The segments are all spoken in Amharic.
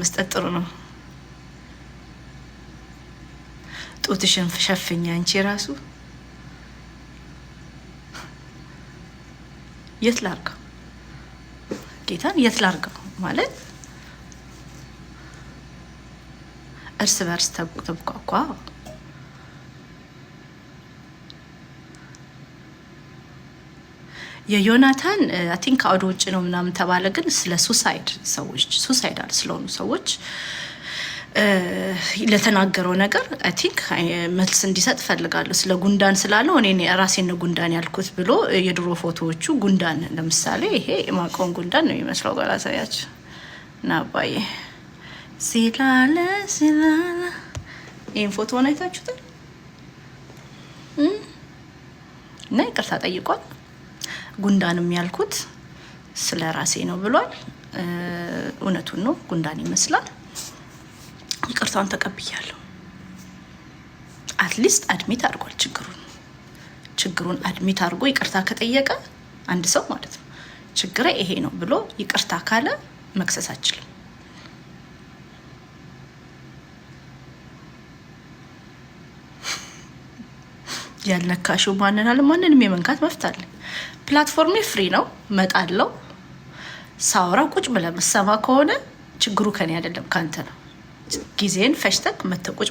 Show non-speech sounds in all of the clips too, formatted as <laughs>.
መስጠት ጥሩ ነው። ጡትሽን ሸፍኛ። አንቺ ራሱ የት ላርገው? ጌታን የት ላርገው ማለት እርስ በርስ ተብኳኳ የዮናታን አይ ቲንክ ውጭ ነው ምናምን ተባለ። ግን ስለ ሱሳይድ ሰዎች ሱሳይዳል ስለሆኑ ሰዎች ለተናገረው ነገር አይ ቲንክ መልስ እንዲሰጥ ፈልጋለሁ። ስለ ጉንዳን ስላለው እኔ ራሴን ጉንዳን ያልኩት ብሎ የድሮ ፎቶዎቹ ጉንዳን፣ ለምሳሌ ይሄ የማቀውን ጉንዳን ነው የሚመስለው። ጋር አሳያችሁ እና አባዬ ሲላለ ሲላለ ይህን ፎቶ ሆነ አይታችሁታል እና ይቅርታ ጠይቋል። ጉንዳንም ያልኩት ስለ ራሴ ነው ብሏል። እውነቱን ነው፣ ጉንዳን ይመስላል። ይቅርታውን ተቀብያለሁ። አትሊስት አድሚት አድርጓል ችግሩን ችግሩን አድሚት አድርጎ ይቅርታ ከጠየቀ አንድ ሰው ማለት ነው ችግረ ይሄ ነው ብሎ ይቅርታ ካለ መክሰስ አይችልም። ያልነካሽው ማንን አለ ማንንም የመንካት መፍት አለ። ፕላትፎርሜ ፍሪ ነው፣ መጣለው ሳውራ ቁጭ ብለህ የምትሰማ ከሆነ ችግሩ ከኔ አይደለም ካንተ ነው። ጊዜን ፈሽተክ መተህ ቁጭ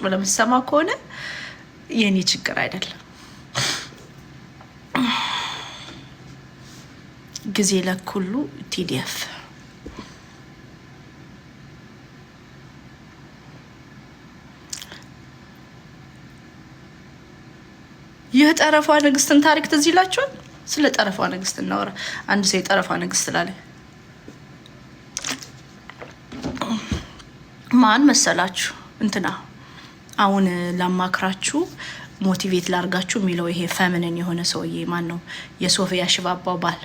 ከሆነ የኔ ችግር አይደለም። ጊዜ ለክ ሁሉ ቲዲኤፍ የጠረፏ ንግስትን ታሪክ ትዝ ይላችኋል። ስለ ጠረፋ ንግስት እናወራ። አንድ ሰው የጠረፋ ንግስት ላለ ማን መሰላችሁ? እንትና አሁን ላማክራችሁ ሞቲቬት ላርጋችሁ የሚለው ይሄ ፈምንን የሆነ ሰውዬ ማን ነው? የሶፊያ ሽባባው ባል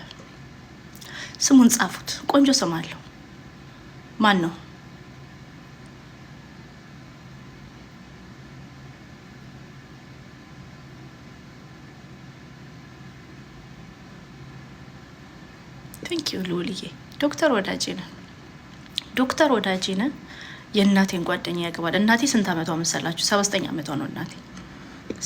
ስሙን ጻፉት። ቆንጆ ስም አለው። ማን ነው? አታውቂው ልውልዬ፣ ዶክተር ወዳጄ ዶክተር ወዳጄ የእናቴን ጓደኛ ያገባል። እናቴ ስንት ዓመቷ መሰላችሁ? ሰባ ዘጠኝ ዓመቷ ነው እናቴ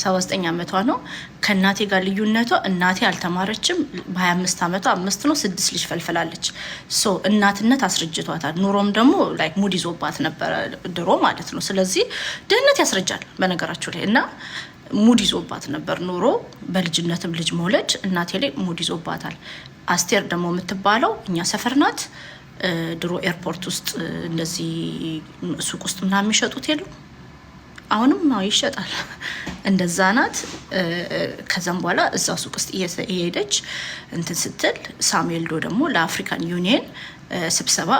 ሰባ ዘጠኝ ዓመቷ ነው። ከእናቴ ጋር ልዩነቷ እናቴ አልተማረችም። በሀያ አምስት ዓመቷ አምስት ነው ስድስት ልጅ ፈልፍላለች። ሶ እናትነት አስረጅቷታል። ኑሮም ደግሞ ላይክ ሙድ ይዞባት ነበረ ድሮ ማለት ነው። ስለዚህ ድህነት ያስረጃል በነገራችሁ ላይ እና ሙድ ይዞባት ነበር ኑሮ። በልጅነትም ልጅ መውለድ እናቴ ላይ ሙድ ይዞባታል። አስቴር ደግሞ የምትባለው እኛ ሰፈር ናት። ድሮ ኤርፖርት ውስጥ እንደዚህ ሱቅ ውስጥ ምናምን የሚሸጡት የሉ አሁንም ይሸጣል። <laughs> እንደዛ ናት። ከዛም በኋላ እዛ ሱቅ ውስጥ እየሄደች እንትን ስትል ሳሙኤል ዶ ደግሞ ለአፍሪካን ዩኒየን ስብሰባ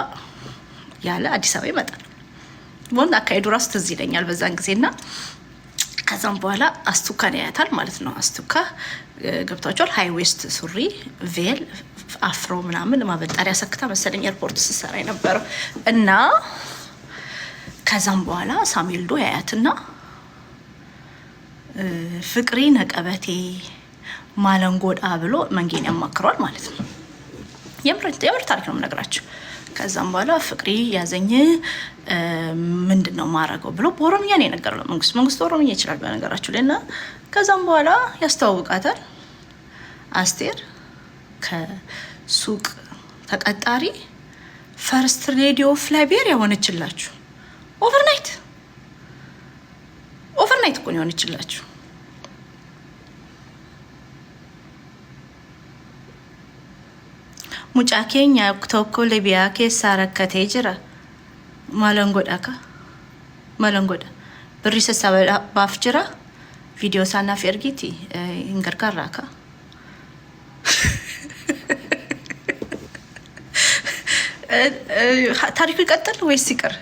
ያለ አዲስ አበባ ይመጣል። ወንድ አካሄዱ ራሱ ትዝ ይለኛል በዛን ጊዜና ከዛም በኋላ አስቱካን ያያታል ማለት ነው። አስቱካ ገብቷቸዋል። ሃይ ዌስት ሱሪ፣ ቬል፣ አፍሮ ምናምን ማበጣሪያ ሰክታ መሰለኝ ኤርፖርት ስሰራ የነበረው እና ከዛም በኋላ ሳሙኤል ያያትና ፍቅሪ ነቀበቴ ማለንጎዳ ብሎ መንጌን ያማክረዋል ማለት ነው። የምር ታሪክ ነው የምነግራቸው። ከዛም በኋላ ፍቅሪ ያዘኝ ምንድን ነው ማድረገው ብሎ በኦሮምኛ ነው የነገረው ለመንግስት። መንግስት ኦሮምኛ ይችላል በነገራችሁ ላይ እና ከዛም በኋላ ያስተዋውቃታል። አስቴር ከሱቅ ተቀጣሪ ፈርስት ሌዲ ኦፍ ላይቤሪያ የሆነችላችሁ ኦቨርናይት ኦቨርናይት እኮ ነው የሆነችላችሁ። Mucaa keenya tokko Libiyaa keessaa rakkatee jira. Maalan godha ka? Maalan godha? Birri sassaabaaf jira. Viidiyoo isaa naaf ergiti. Hin gargaarraa ka? ታሪኩ ይቀጥል weessi qara?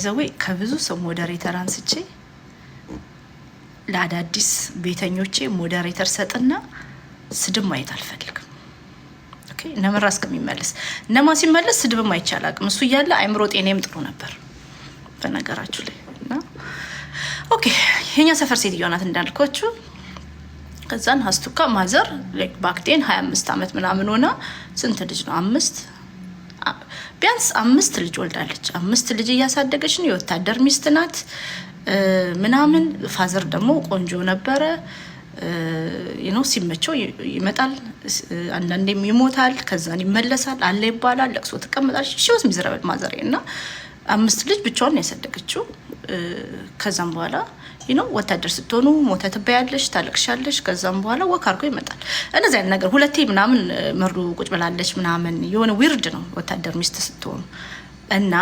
ባይዘዌ ከብዙ ሰው ሞዴሬተር አንስቼ ለአዳዲስ ቤተኞቼ ሞዴሬተር ሰጥና ስድብ ማየት አልፈልግም። ነምራ እስከሚመለስ ነማ ሲመለስ ስድብ ማይቻል አቅም እሱ እያለ አይምሮ ጤኔም ጥሩ ነበር በነገራችሁ ላይ እና ኦኬ የኛ ሰፈር ሴትዮዋ ናት እንዳልኳችሁ። ከዛን ሀስቱካ ማዘር ባክቴን ሀያ አምስት አመት ምናምን ሆና ስንት ልጅ ነው አምስት ቢያንስ አምስት ልጅ ወልዳለች። አምስት ልጅ እያሳደገች ነው። የወታደር ሚስት ናት ምናምን። ፋዘር ደግሞ ቆንጆ ነበረ። ነው ሲመቸው ይመጣል፣ አንዳንዴም ይሞታል፣ ከዛን ይመለሳል፣ አለ ይባላል፣ ለቅሶ ትቀመጣለች። ሽወት ሚዝረበል ማዘሬ እና አምስት ልጅ ብቻዋን ያሳደገችው። ከዛም በኋላ ነው ወታደር ስትሆኑ ሞተ ትበያለሽ፣ ታለቅሻለሽ። ከዛም በኋላ ወክ አድርጎ ይመጣል። እነዚህ አይነት ነገር ሁለቴ ምናምን መርዶ ቁጭ ብላለች ምናምን የሆነ ዊርድ ነው ወታደር ሚስት ስትሆኑ እና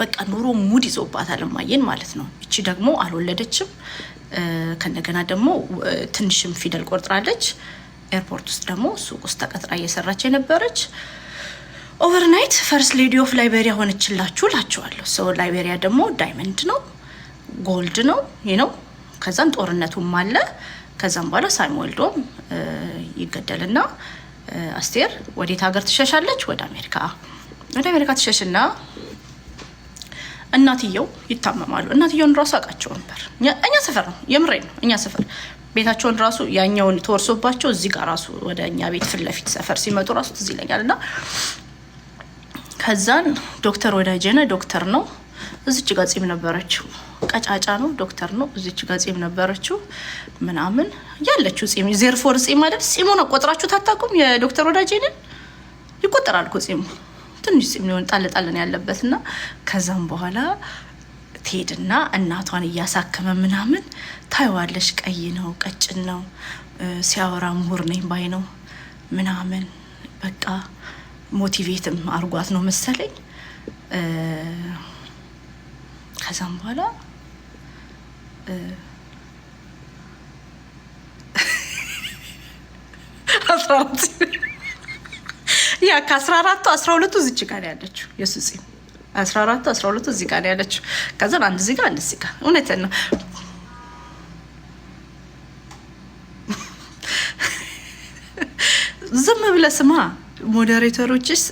በቃ ኑሮ ሙድ ይዞባታል እማዬን ማለት ነው። እቺ ደግሞ አልወለደችም። ከእንደገና ደግሞ ትንሽም ፊደል ቆርጥራለች። ኤርፖርት ውስጥ ደግሞ ሱቅ ውስጥ ተቀጥራ እየሰራች የነበረች ኦቨርናይት ፈርስት ሌዲ ኦፍ ላይቤሪያ ሆነችላችሁ ላችኋለሁ። ሰው ላይቤሪያ ደግሞ ዳይመንድ ነው፣ ጎልድ ነው ነው። ከዛም ጦርነቱም አለ። ከዛም በኋላ ሳሙኤልዶም ይገደልና አስቴር ወዴት ሀገር ትሸሻለች? ወደ አሜሪካ። ወደ አሜሪካ ትሸሽና እናትየው ይታመማሉ። እናትየውን ራሱ አውቃቸው ነበር። እኛ ሰፈር ነው፣ የምሬ ነው። እኛ ሰፈር ቤታቸውን ራሱ ያኛውን ተወርሶባቸው እዚህ ጋር ራሱ ወደ እኛ ቤት ፊት ለፊት ሰፈር ሲመጡ ራሱ ትዝ ይለኛል እና ከዛን ዶክተር ወዳጀነ ዶክተር ነው። እዚች ጋ ጺም ነበረችው፣ ቀጫጫ ነው። ዶክተር ነው። እዚች ጋ ጺም ነበረችው ምናምን ያለችው ጺም ዜርፎር ጺም አይደል? ጺሙ ነው ቆጥራችሁ ታታቁም። የዶክተር ወዳጀንን ይቆጠራል እኮ ጺሙ ትንሽ ጺም ሊሆን ጣል ጣልን ያለበት እና ከዛም በኋላ ትሄድና እናቷን እያሳከመ ምናምን ታይዋለሽ። ቀይ ነው፣ ቀጭን ነው፣ ሲያወራ ምሁር ነኝ ባይ ነው ምናምን በቃ ሞቲቬትም አርጓት ነው መሰለኝ። ከዛም በኋላ ያ ከአስራ አራቱ አስራ ሁለቱ እዚች ጋር ያለችው የሱ ፂም አስራ አራቱ አስራ ሁለቱ እዚህ ጋር ያለችው ከዛ አንድ እዚህ ጋር አንድ እዚህ ጋር እውነትን ነው። ዝም ብለህ ስማ ሞዴሬተሮችስ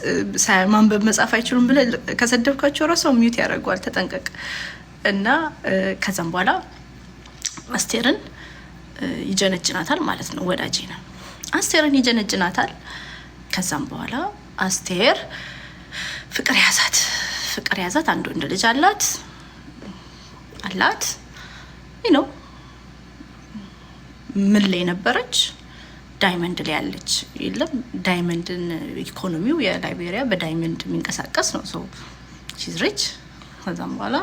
ማንበብ መጻፍ አይችሉም ብለ ከሰደብካቸው ራሰው ሚዩት ያደርገዋል። ተጠንቀቅ እና ከዛም በኋላ አስቴርን ይጀነጭናታል ማለት ነው። ወዳጅ ነው። አስቴርን ይጀነጭናታል። ከዛም በኋላ አስቴር ፍቅር ያዛት፣ ፍቅር ያዛት። አንድ ወንድ ልጅ አላት አላት ነው ምን ላይ ነበረች ዳይመንድ ላይ ያለች የለም ዳይመንድን ኢኮኖሚው የላይቤሪያ በዳይመንድ የሚንቀሳቀስ ነው። ሰው ሲዝረች ከዛም በኋላ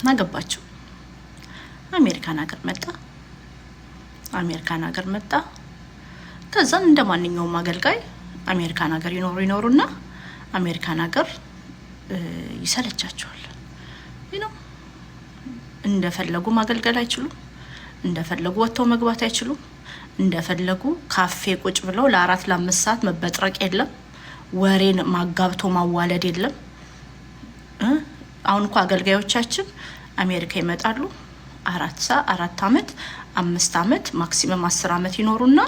እናገባችው አሜሪካን ሀገር መጣ አሜሪካን ሀገር መጣ። ከዛን እንደ ማንኛውም አገልጋይ አሜሪካን ሀገር ይኖሩ ይኖሩና አሜሪካን ሀገር ይሰለቻቸዋል። ነው እንደፈለጉ ማገልገል አይችሉም። እንደፈለጉ ወጥተው መግባት አይችሉም። እንደፈለጉ ካፌ ቁጭ ብለው ለአራት ለአምስት ሰዓት መበጥረቅ የለም። ወሬን ማጋብቶ ማዋለድ የለም። አሁን እኮ አገልጋዮቻችን አሜሪካ ይመጣሉ። አራት ሰ አራት አመት አምስት አመት ማክሲመም አስር አመት ይኖሩና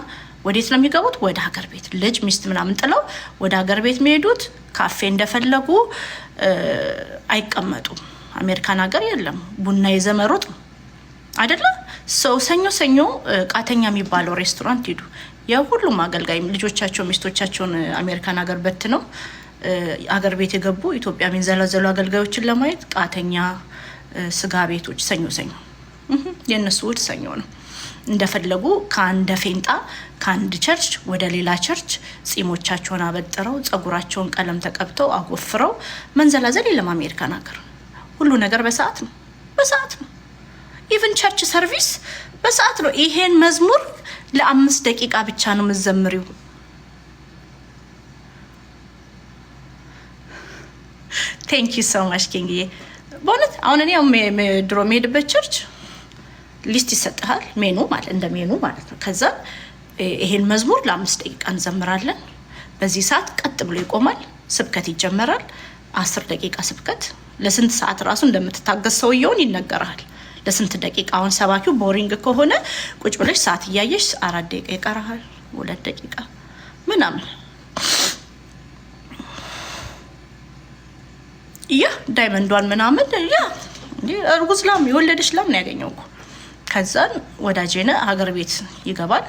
ወዴት ነው የሚገቡት? ወደ ሀገር ቤት ልጅ ሚስት ምናምን ጥለው ወደ ሀገር ቤት የሚሄዱት ካፌ እንደፈለጉ አይቀመጡም። አሜሪካን ሀገር የለም ቡና የዘመሩት አይደለም ሰው ሰኞ ሰኞ ቃተኛ የሚባለው ሬስቶራንት ሂዱ። የሁሉም አገልጋይ ልጆቻቸው ሚስቶቻቸውን አሜሪካን ሀገር በት ነው አገር ቤት የገቡ ኢትዮጵያ የሚንዘላዘሉ አገልጋዮችን ለማየት ቃተኛ ስጋ ቤቶች ሰኞ ሰኞ የእነሱ ውድ ሰኞ ነው። እንደፈለጉ ከአንድ ፌንጣ ከአንድ ቸርች ወደ ሌላ ቸርች ጺሞቻቸውን አበጥረው ጸጉራቸውን ቀለም ተቀብተው አጎፍረው መንዘላዘል የለም። አሜሪካን ሀገር ሁሉ ነገር በሰዓት ነው፣ በሰዓት ነው። ኢቨን ቸርች ሰርቪስ በሰዓት ነው። ይሄን መዝሙር ለአምስት ደቂቃ ብቻ ነው የምትዘምሪው። ቴንክ ዩ ሶ ማች ኪንግዬ። በእውነት አሁን እኔ ድሮ የምሄድበት ቸርች ሊስት ይሰጥሃል፣ ሜኑ ማለት እንደ ሜኑ ማለት ነው። ከዛ ይሄን መዝሙር ለአምስት ደቂቃ እንዘምራለን። በዚህ ሰዓት ቀጥ ብሎ ይቆማል፣ ስብከት ይጀመራል። አስር ደቂቃ ስብከት ለስንት ሰዓት ራሱ እንደምትታገስ ሰውየውን ይነገራል። ለስንት ደቂቃ? አሁን ሰባኪው ቦሪንግ ከሆነ ቁጭ ብለሽ ሰዓት እያየሽ አራት ደቂቃ ይቀርሃል፣ ሁለት ደቂቃ ምናምን ያ ዳይመንዷን ምናምን ያ እርጉዝ ላም የወለደች ላም ነው ያገኘው እኮ። ከዛን ወዳጄነ ሀገር ቤት ይገባል፣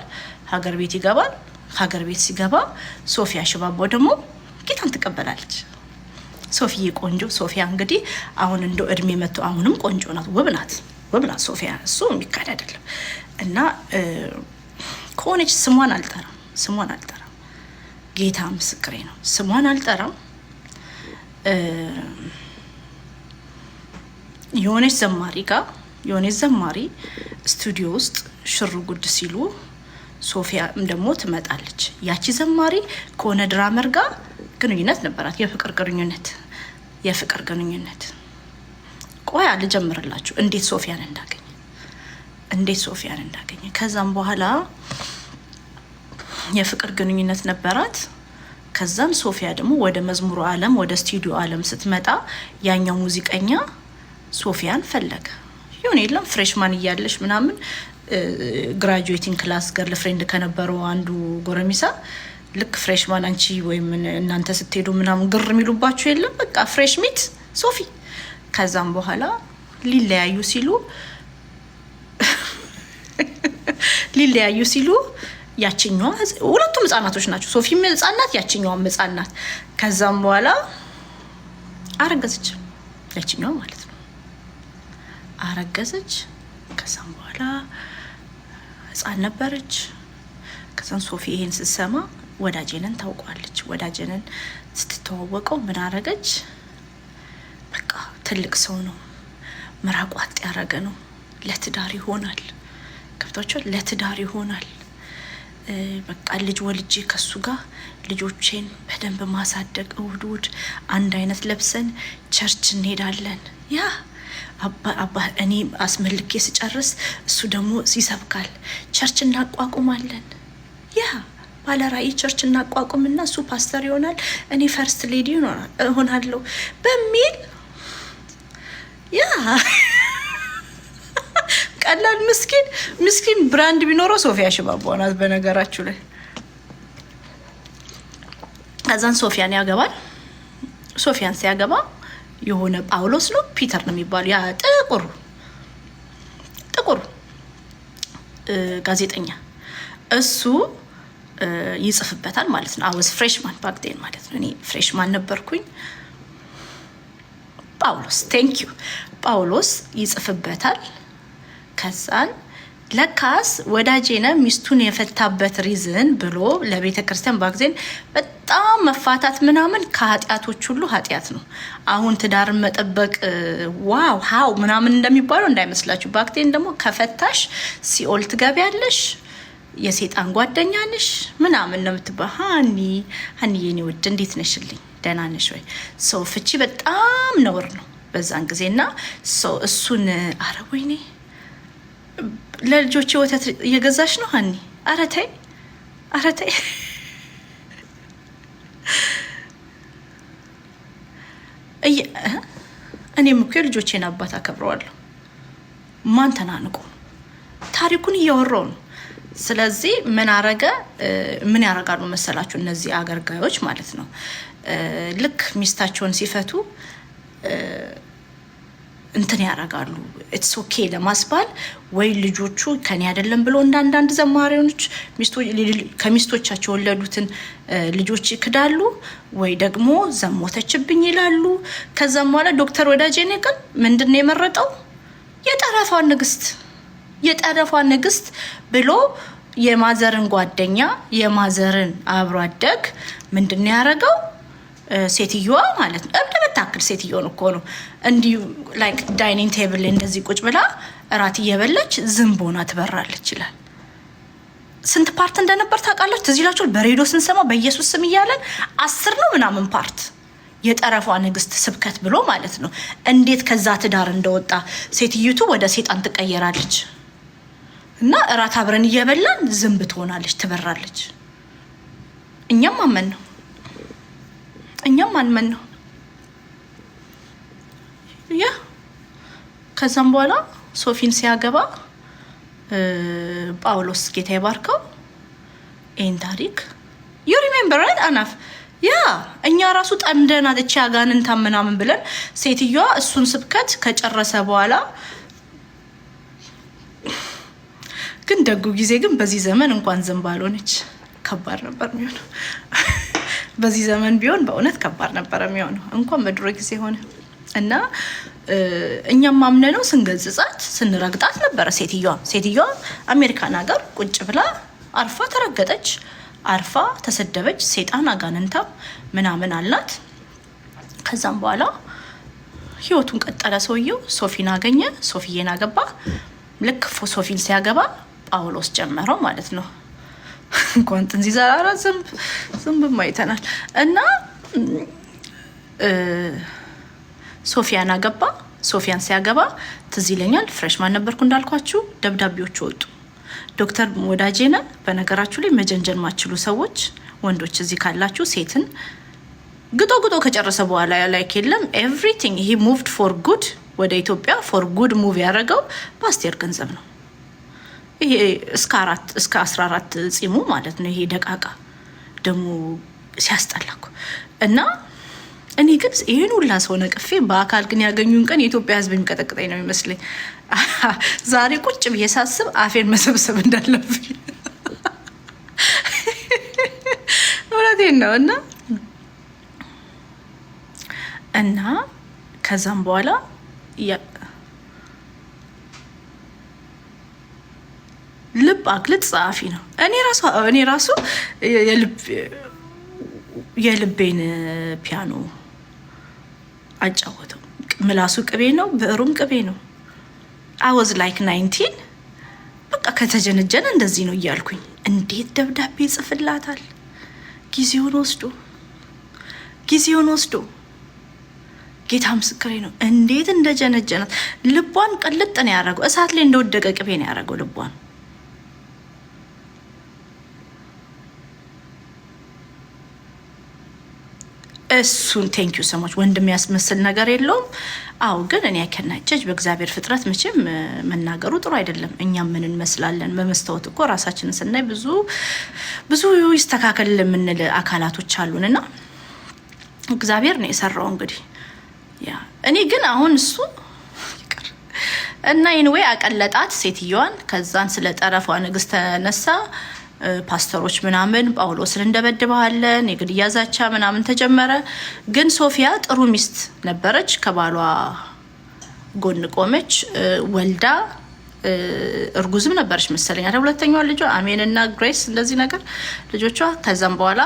ሀገር ቤት ይገባል። ሀገር ቤት ሲገባ ሶፊያ ሽባቦ ደግሞ ጌታን ትቀበላለች። ሶፊዬ ቆንጆ ሶፊያ እንግዲህ አሁን እንደ እድሜ መጥቶ አሁንም ቆንጆ ናት፣ ውብ ናት። ብላ ሶፊያ እሱ የሚካድ አይደለም። እና ከሆነች ስሟን አልጠራም፣ ስሟን አልጠራም። ጌታ ምስክሬ ነው። ስሟን አልጠራም። የሆነች ዘማሪ ጋር የሆነች ዘማሪ ስቱዲዮ ውስጥ ሽር ጉድ ሲሉ ሶፊያም ደግሞ ትመጣለች። ያቺ ዘማሪ ከሆነ ድራመር ጋር ግንኙነት ነበራት፣ የፍቅር ግንኙነት የፍቅር ግንኙነት ቆይ አልጀምርላችሁ እንዴት ሶፊያን እንዳገኘ እንዴት ሶፊያን እንዳገኘ። ከዛም በኋላ የፍቅር ግንኙነት ነበራት። ከዛም ሶፊያ ደግሞ ወደ መዝሙሩ ዓለም ወደ ስቱዲዮ ዓለም ስትመጣ ያኛው ሙዚቀኛ ሶፊያን ፈለገ። ይሁን የለም ፍሬሽማን እያለች ምናምን ግራጁዌቲንግ ክላስ ገርል ፍሬንድ ከነበረው አንዱ ጎረሚሳ ልክ ፍሬሽማን አንቺ ወይም እናንተ ስትሄዱ ምናምን ግር የሚሉባችሁ የለም በቃ ፍሬሽ ሚት ሶፊ ከዛም በኋላ ሊለያዩ ሲሉ ሊለያዩ ሲሉ ያችኛዋ ሁለቱም ህጻናቶች ናቸው። ሶፊም ህጻናት፣ ያችኛዋም ህጻናት። ከዛም በኋላ አረገዘች፣ ያችኛዋ ማለት ነው። አረገዘች። ከዛም በኋላ ህጻን ነበረች። ከዛም ሶፊ ይሄን ስትሰማ ወዳጄንን ታውቋለች። ወዳጄንን ስትተዋወቀው ምን አረገች? ትልቅ ሰው ነው። ምራቋጥ ያረገ ነው። ለትዳር ይሆናል። ገብቷቸው ለትዳር ይሆናል። በቃ ልጅ ወልጄ ከሱ ጋር ልጆቼን በደንብ ማሳደግ እሁድ እሁድ አንድ አይነት ለብሰን ቸርች እንሄዳለን። ያ አባ እኔ አስመልኬ ስጨርስ እሱ ደግሞ ይሰብካል። ቸርች እናቋቁማለን። ያ ባለ ቸርች እናቋቁምና እሱ ፓስተር ይሆናል፣ እኔ ፈርስት ሌዲ እሆናለሁ በሚል ያ ቀላል ምስኪን ምስኪን ብራንድ ቢኖረው ሶፊያ ሽባቧ ናት። በነገራችሁ ላይ ከዛን ሶፊያን ያገባል። ሶፊያን ሲያገባ የሆነ ጳውሎስ ነው ፒተር ነው የሚባሉ ያ ጥቁር ጥቁር ጋዜጠኛ እሱ ይጽፍበታል ማለት ነው። አወዝ ፍሬሽማን ባክቴን ማለት ነው። እኔ ፍሬሽማን ነበርኩኝ። ጳውሎስ ቴንክ ዩ ጳውሎስ ይጽፍበታል። ከዛን ለካስ ወዳጄነ ሚስቱን የፈታበት ሪዝን ብሎ ለቤተ ክርስቲያን ባግዜን በጣም መፋታት ምናምን ከኃጢአቶች ሁሉ ኃጢአት ነው። አሁን ትዳርን መጠበቅ ዋው ሀው ምናምን እንደሚባለው እንዳይመስላችሁ። ባክቴን ደግሞ ከፈታሽ ሲኦል ትገቢያለሽ። የሴጣን ጓደኛ ነሽ ምናምን ነው የምትባል። ሀኒ ሀኒ የኔ ውድ እንዴት ነሽልኝ? ደህና ነሽ ወይ? ሰው ፍቺ በጣም ነውር ነው በዛን ጊዜ እና ሰው እሱን አረ ወይኔ ለልጆች ወተት እየገዛሽ ነው ሀኒ? አረ ተይ፣ አረ ተይ። እኔም እኮ የልጆቼን አባት አከብረዋለሁ። ማን ተናንቆ ታሪኩን እያወራው ነው ስለዚህ ምን አረገ? ምን ያረጋሉ መሰላችሁ እነዚህ አገልጋዮች ማለት ነው። ልክ ሚስታቸውን ሲፈቱ እንትን ያደርጋሉ ኢትስ ኦኬ ለማስባል ወይ ልጆቹ ከኔ አይደለም ብሎ እንደ አንዳንድ ዘማሪዎች ከሚስቶቻቸው የወለዱትን ልጆች ይክዳሉ፣ ወይ ደግሞ ዘሞተችብኝ ይላሉ። ከዛም በኋላ ዶክተር ወዳጄ እኔ ግን ምንድን ነው የመረጠው የጠረፋ ንግስት የጠረፏ ንግስት ብሎ የማዘርን ጓደኛ የማዘርን አብሮ አደግ ምንድን ነው ያደረገው? ሴትዮዋ ማለት ነው እብድ ብታክል ሴትዮን እኮ ነው እንዲሁ ላይክ ዳይኒንግ ቴብል እንደዚህ ቁጭ ብላ እራት እየበላች ዝንቦና ትበራለች ይላል። ስንት ፓርት እንደነበር ታውቃለች? ትዝ ይላችኋል? በሬዲዮ ስንሰማ በኢየሱስ ስም እያለን አስር ነው ምናምን ፓርት የጠረፏ ንግስት ስብከት ብሎ ማለት ነው። እንዴት ከዛ ትዳር እንደወጣ ሴትዮቱ ወደ ሴጣን ትቀየራለች። እና እራት አብረን እየበላን ዝንብ ትሆናለች፣ ትበራለች። እኛም አመን ነው እኛም አንመን ነው ያ ከዛም በኋላ ሶፊን ሲያገባ ጳውሎስ ጌታ የባርከው ይህን ታሪክ ዩ ሪሜምበር ራይት አናፍ ያ እኛ ራሱ ጠምደናት እቺ አጋንንታ ምናምን ብለን ሴትዮዋ እሱን ስብከት ከጨረሰ በኋላ ግን ደጉ ጊዜ ግን በዚህ ዘመን እንኳን ዝም ባልሆነች ከባድ ነበር የሚሆነው። <laughs> በዚህ ዘመን ቢሆን በእውነት ከባድ ነበር የሚሆነው እንኳን በድሮ ጊዜ ሆነ እና እኛም ማምነ ነው ስንገጽጻት ስንረግጣት ነበረ። ሴትዮዋ ሴትዮዋ አሜሪካን ሀገር ቁጭ ብላ አርፋ ተረገጠች፣ አርፋ ተሰደበች። ሴጣን አጋንንታም ምናምን አልናት። ከዛም በኋላ ህይወቱን ቀጠለ። ሰውየው ሶፊን አገኘ፣ ሶፊዬን አገባ። ልክ ሶፊን ሲያገባ ጳውሎስ ጨመረው ማለት ነው። እንኳን ጥንዚ ዘራራ ዝንብ አይተናል። እና ሶፊያን አገባ። ሶፊያን ሲያገባ ትዝ ይለኛል ፍሬሽማን ነበርኩ እንዳልኳችሁ። ደብዳቤዎች ወጡ። ዶክተር ወዳጄነ በነገራችሁ ላይ መጀንጀን ማችሉ ሰዎች ወንዶች እዚህ ካላችሁ ሴትን ግጦ ግጦ ከጨረሰ በኋላ ላይክ የለም ኤቭሪቲንግ ሂ ሙቭድ ፎር ጉድ ወደ ኢትዮጵያ ፎር ጉድ ሙቭ ያደረገው በአስቴር ገንዘብ ነው። ይሄ እስከ አራት እስከ አስራ አራት ጺሙ ማለት ነው። ይሄ ደቃቃ ደግሞ ሲያስጠላኩ እና እኔ ግን ይህን ሁላ ሰው ነቅፌ በአካል ግን ያገኙን ቀን የኢትዮጵያ ሕዝብ የሚቀጠቅጠኝ ነው ይመስለኝ። <laughs> ዛሬ ቁጭ ብዬ ሳስብ አፌን መሰብሰብ እንዳለብኝ <laughs> እውነቴን ነው። እና እና ከዛም በኋላ ልብ አግልጥ ጸሐፊ ነው። እኔ ራሱ የልቤን ፒያኖ አጫወተው። ምላሱ ቅቤ ነው፣ ብዕሩም ቅቤ ነው። አወዝ ላይክ ናይንቲን በቃ ከተጀነጀነ እንደዚህ ነው እያልኩኝ እንዴት ደብዳቤ ይጽፍላታል? ጊዜውን ወስዶ ጊዜውን ወስዶ ጌታ ምስክሬ ነው። እንዴት እንደጀነጀናት ልቧን ቅልጥ ነው ያደረገው። እሳት ላይ እንደወደቀ ቅቤ ነው ያደረገው ልቧን። እሱን ቴንኪዩ ሰሞች ወንድም ያስመስል ነገር የለውም። አዎ ግን እኔ አይከናቸጅ በእግዚአብሔር ፍጥረት መቼም መናገሩ ጥሩ አይደለም። እኛም ምን እንመስላለን? በመስታወት እኮ ራሳችንን ስናይ ብዙ ብዙ ይስተካከል የምንል አካላቶች አሉን እና እግዚአብሔር ነው የሰራው። እንግዲህ ያ እኔ ግን አሁን እሱ እና ይንዌ አቀለጣት ሴትዮዋን። ከዛን ስለ ጠረፏ ንግስት ተነሳ። ፓስተሮች ምናምን ጳውሎስን እንደበድበሃለን የግድያ ዛቻ ምናምን ተጀመረ። ግን ሶፊያ ጥሩ ሚስት ነበረች። ከባሏ ጎን ቆመች። ወልዳ እርጉዝም ነበረች መሰለኝ አይደል? ሁለተኛዋ ልጇ አሜን እና ግሬስ እንደዚህ ነገር ልጆቿ። ከዛም በኋላ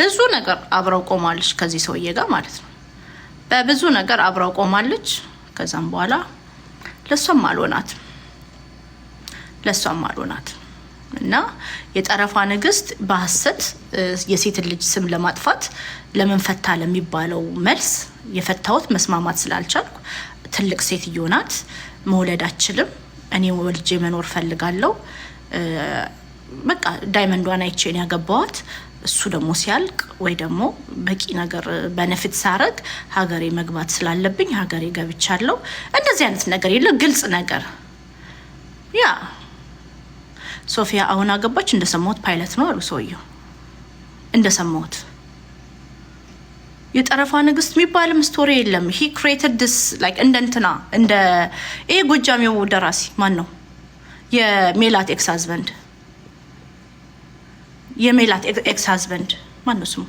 ብዙ ነገር አብረው ቆማለች ከዚህ ሰውዬ ጋር ማለት ነው። በብዙ ነገር አብረው ቆማለች። ከዛም በኋላ ለሷም አልሆናትም ለሷም አልሆናትም። እና የጠረፋ ንግስት በሀሰት የሴትን ልጅ ስም ለማጥፋት ለምን ፈታ ለሚባለው መልስ የፈታሁት መስማማት ስላልቻልኩ ትልቅ ሴትዮ ናት፣ መውለድ አችልም፣ እኔ ወልጄ መኖር ፈልጋለሁ። በቃ ዳይመንዷን አይቼን ያገባዋት እሱ ደግሞ ሲያልቅ ወይ ደግሞ በቂ ነገር በነፊት ሳረግ ሀገሬ መግባት ስላለብኝ ሀገሬ ገብቻለሁ። እንደዚህ አይነት ነገር የለ ግልጽ ነገር ያ ሶፊያ አሁን አገባች። እንደሰማሁት ፓይለት ነው አሉ ሰውየው። እንደሰማሁት የጠረፋ ንግስት የሚባልም ስቶሪ የለም። ሂ ክሬትድ ድስ ላይክ እንደ እንትና እንደ ይሄ ጎጃሜው ደራሲ ማን ነው? የሜላት ኤክስ ሀዝበንድ የሜላት ኤክስ ሀዝበንድ ማን ነው ስሙ?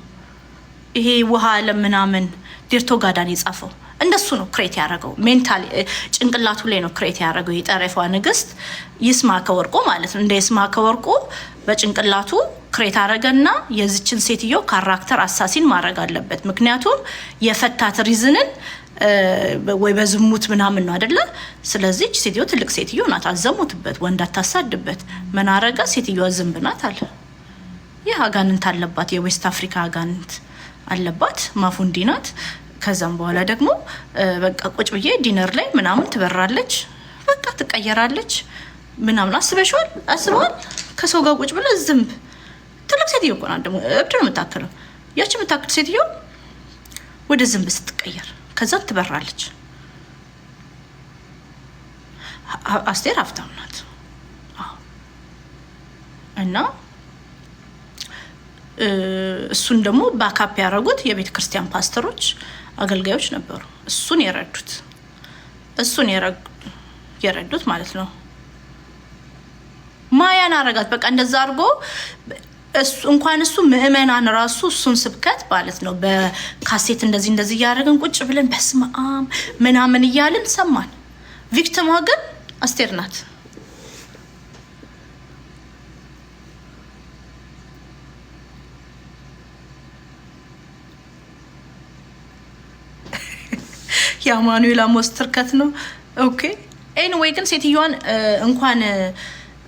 ይሄ ውሃ አለም ምናምን ዴርቶ ጋዳን የጻፈው እንደሱ ነው ክሬት ያደረገው ሜንታል ጭንቅላቱ ላይ ነው ክሬት ያደረገው። የጠረፏ ንግስት ይስማ ወርቁ ማለት ነው። እንደ ይስማ ወርቁ በጭንቅላቱ ክሬት አረገና የዚችን ሴትዮ ካራክተር አሳሲን ማድረግ አለበት። ምክንያቱም የፈታት ሪዝንን ወይ በዝሙት ምናምን ነው አደለ? ስለዚህ ሴትዮ ትልቅ ሴትዮ ናት። አዘሙትበት፣ ወንድ አታሳድበት። ምን አረገ? ሴትዮ ዝንብ ናት አለ። ይህ አጋንንት አለባት፣ የዌስት አፍሪካ አጋንንት አለባት። ማፉንዲ ናት። ከዛም በኋላ ደግሞ በቃ ቁጭ ብዬ ዲነር ላይ ምናምን ትበራለች፣ በቃ ትቀየራለች ምናምን። አስበሽዋል? አስበዋል? ከሰው ጋር ቁጭ ብለ ዝንብ ትልቅ ሴትዮ እኮ ናት። ደግሞ እብድ ነው የምታክለው። ያች የምታክል ሴትዮ ወደ ዝንብ ስትቀየር ከዛ ትበራለች። አስቴር ሀብታም ናት እና እሱን ደግሞ በአካፕ ያደረጉት የቤተ ክርስቲያን ፓስተሮች አገልጋዮች ነበሩ። እሱን የረዱት እሱን የረዱት ማለት ነው። ማያን አረጋት። በቃ እንደዛ አድርጎ እንኳን እሱ ምእመናን ራሱ እሱን ስብከት ማለት ነው በካሴት እንደዚህ እንደዚህ እያደረግን ቁጭ ብለን በስመ አብ ምናምን እያልን ሰማን። ቪክቲሟ ግን አስቴር ናት። የአማኑኤል አሞስ ትርከት ነው። ኦኬ ኤኒዌይ ግን ሴትዮዋን እንኳን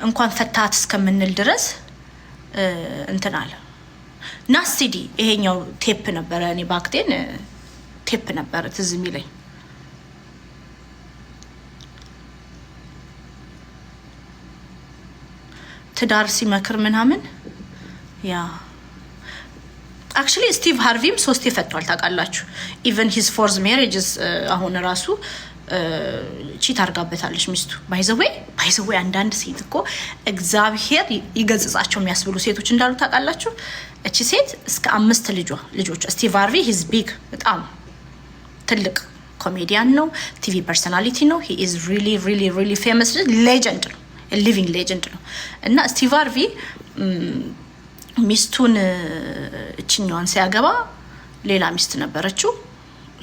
እንኳን ፈታት እስከምንል ድረስ እንትናል አለ ይሄኛው ቴፕ ነበረ። እኔ ባክቴን ቴፕ ነበረ ትዝ የሚለኝ ትዳር ሲመክር ምናምን ያ አክቹሊ ስቲቭ ሃርቪም ሶስቴ ፈቷል ታውቃላችሁ። ኢቨን ሂዝ ፎርዝ ሜሬጅስ አሁን ራሱ uh, ቺት አርጋበታለች ሚስቱ። ባይዘወይ ባይዘዌ አንዳንድ ሴት እኮ እግዚአብሔር ይገጽጻቸው የሚያስብሉ ሴቶች እንዳሉ ታውቃላችሁ። እቺ ሴት እስከ አምስት ልጇ ልጆች ስቲቭ ሃርቪ ሂዝ ቢግ በጣም ትልቅ ኮሜዲያን ነው። ቲቪ ፐርሶናሊቲ ነው። ሂ ኢዝ ሪሊ ሪሊ ሪሊ ፌመስ ሌጀንድ ነው። ሊቪንግ ሌጀንድ ነው እና ስቲቭ ሃርቪ mm, ሚስቱን እችኛዋን ሲያገባ ሌላ ሚስት ነበረችው፣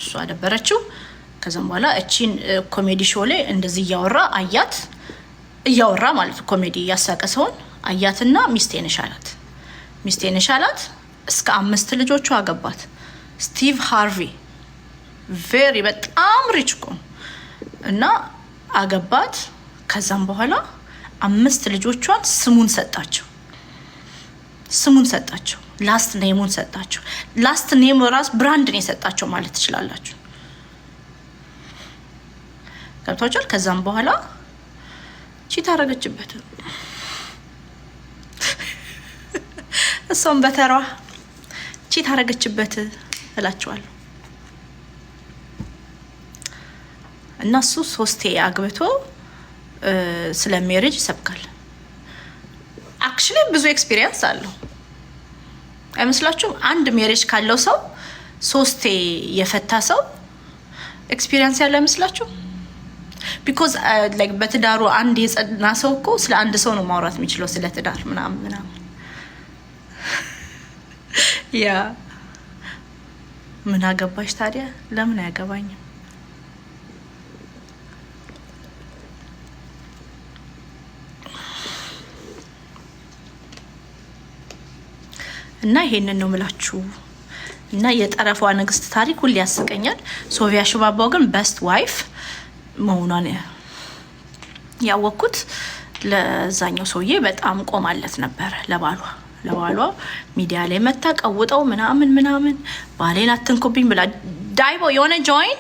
እሷ ነበረችው። ከዛም በኋላ እቺን ኮሜዲ ሾው ላይ እንደዚህ እያወራ አያት፣ እያወራ ማለት ኮሜዲ እያሳቀ ሲሆን አያትና ሚስቴ ነሽ አላት። ሚስቴ ነሽ አላት። እስከ አምስት ልጆቹ አገባት። ስቲቭ ሃርቪ ቬሪ በጣም ሪች እኮ እና አገባት። ከዛም በኋላ አምስት ልጆቿን ስሙን ሰጣቸው። ስሙን ሰጣቸው፣ ላስት ኔሙን ሰጣቸው። ላስት ኔም ራስ ብራንድ ነው የሰጣቸው ማለት ትችላላችሁ። ገብታችል ከዛም በኋላ ቺ ታረገችበት። <laughs> እሷም በተሯ ቺ ታረገችበት እላችኋለሁ። እና እሱ ሶስቴ አግብቶ ስለ ሜሬጅ ይሰብካል። ብዙ ኤክስፒሪየንስ አለው አይመስላችሁም? አንድ ሜሬጅ ካለው ሰው ሶስቴ የፈታ ሰው ኤክስፒሪየንስ ያለው አይመስላችሁም? ቢኮዝ uh, በትዳሩ አንድ የጸና ሰው እኮ ስለ አንድ ሰው ነው ማውራት የሚችለው ስለ ትዳር ምናምን ምናምን። <laughs> ያ ምን አገባሽ ታዲያ? ለምን አያገባኝም? እና ይሄንን ነው ምላችሁ። እና የጠረፏ ንግስት ታሪክ ሁሌ ያስቀኛል። ሶፊያ ሽባባው ግን በስት ዋይፍ መሆኗን ያወቅኩት ለዛኛው ሰውዬ በጣም ቆማለት ነበረ። ለባሏ ለባሏ ሚዲያ ላይ መታ ቀውጠው ምናምን ምናምን ባሌን አትንኩብኝ ብላ ዳይቦ የሆነ ጆይን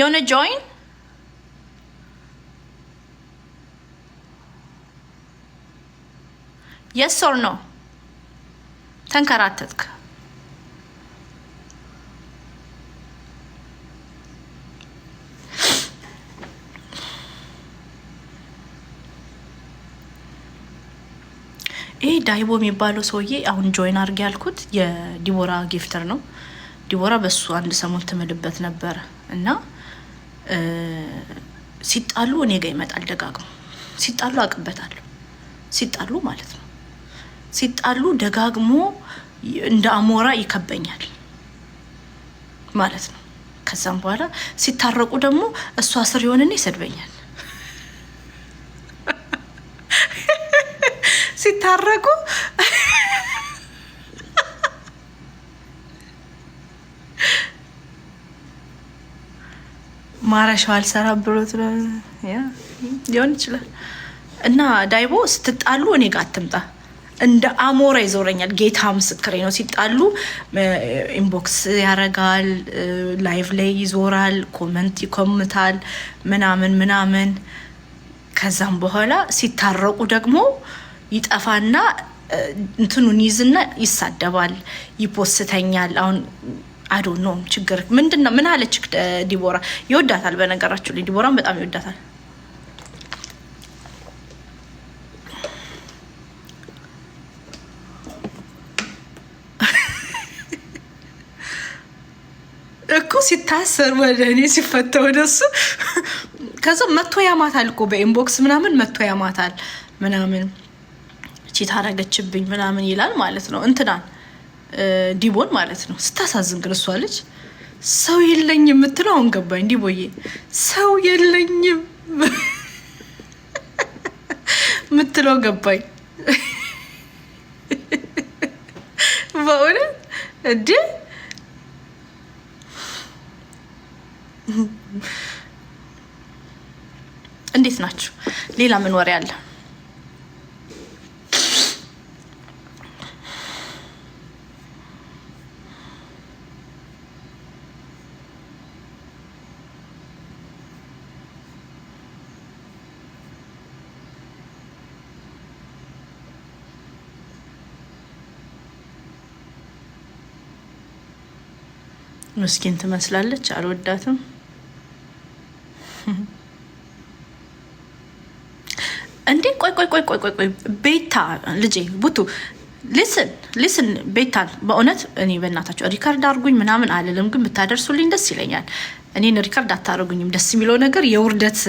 የሆነ ጆይን የስ ኦር ነው ተንከራተትክ። ይህ ዳይቦ የሚባለው ሰውዬ አሁን ጆይን አርግ ያልኩት የዲቦራ ጊፍተር ነው። ዲቦራ በሱ አንድ ሰሞን ትምልበት ነበር እና ሲጣሉ እኔ ጋር ይመጣል ደጋግሞ ሲጣሉ አቅበታለሁ ሲጣሉ ማለት ነው። ሲጣሉ ደጋግሞ እንደ አሞራ ይከበኛል ማለት ነው። ከዛም በኋላ ሲታረቁ ደግሞ እሷ ስር የሆንና ይሰድበኛል። <laughs> ሲታረቁ <laughs> ማረሻው አልሰራ ብሎት ሊሆን ይችላል እና ዳይቦ ስትጣሉ እኔ ጋር አትምጣ እንደ አሞራ ይዞረኛል። ጌታ ምስክሬ ነው። ሲጣሉ ኢንቦክስ ያረጋል፣ ላይቭ ላይ ይዞራል፣ ኮመንት ይኮምታል ምናምን ምናምን። ከዛም በኋላ ሲታረቁ ደግሞ ይጠፋና እንትኑን ይዝና ይሳደባል፣ ይፖስተኛል። አሁን አዶ ነው ችግር ምንድን ነው? ምን አለች ዲቦራ? ይወዳታል። በነገራችሁ ላይ ዲቦራን በጣም ይወዳታል። ሲታሰር ወደ እኔ ሲፈታ ወደ እሱ ከዛ መቶ ያማታል እኮ በኢንቦክስ ምናምን መቶ ያማታል ምናምን ቺት ታረገችብኝ ምናምን ይላል ማለት ነው። እንትናን ዲቦን ማለት ነው። ስታሳዝን ግን እሷ ልጅ ሰው የለኝም የምትለው አሁን ገባኝ። ዲቦዬ ሰው የለኝም <laughs> የምትለው ገባኝ። <laughs> በእውነት እንዴ <laughs> እንዴት ናችሁ? ሌላ ምን ወሬ አለ? ምስኪን ትመስላለች። አልወዳትም። ቆይ ቆይ ቆይ ቆይ ቤታ ልጄ ቡቱ ሊስን ሊስን ቤታን በእውነት እኔ በእናታቸው ሪከርድ አድርጉኝ ምናምን አልልም፣ ግን ብታደርሱልኝ ደስ ይለኛል። እኔን ሪከርድ አታደርጉኝም። ደስ የሚለው ነገር የውርደት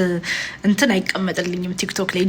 እንትን አይቀመጥልኝም ቲክቶክ ላይ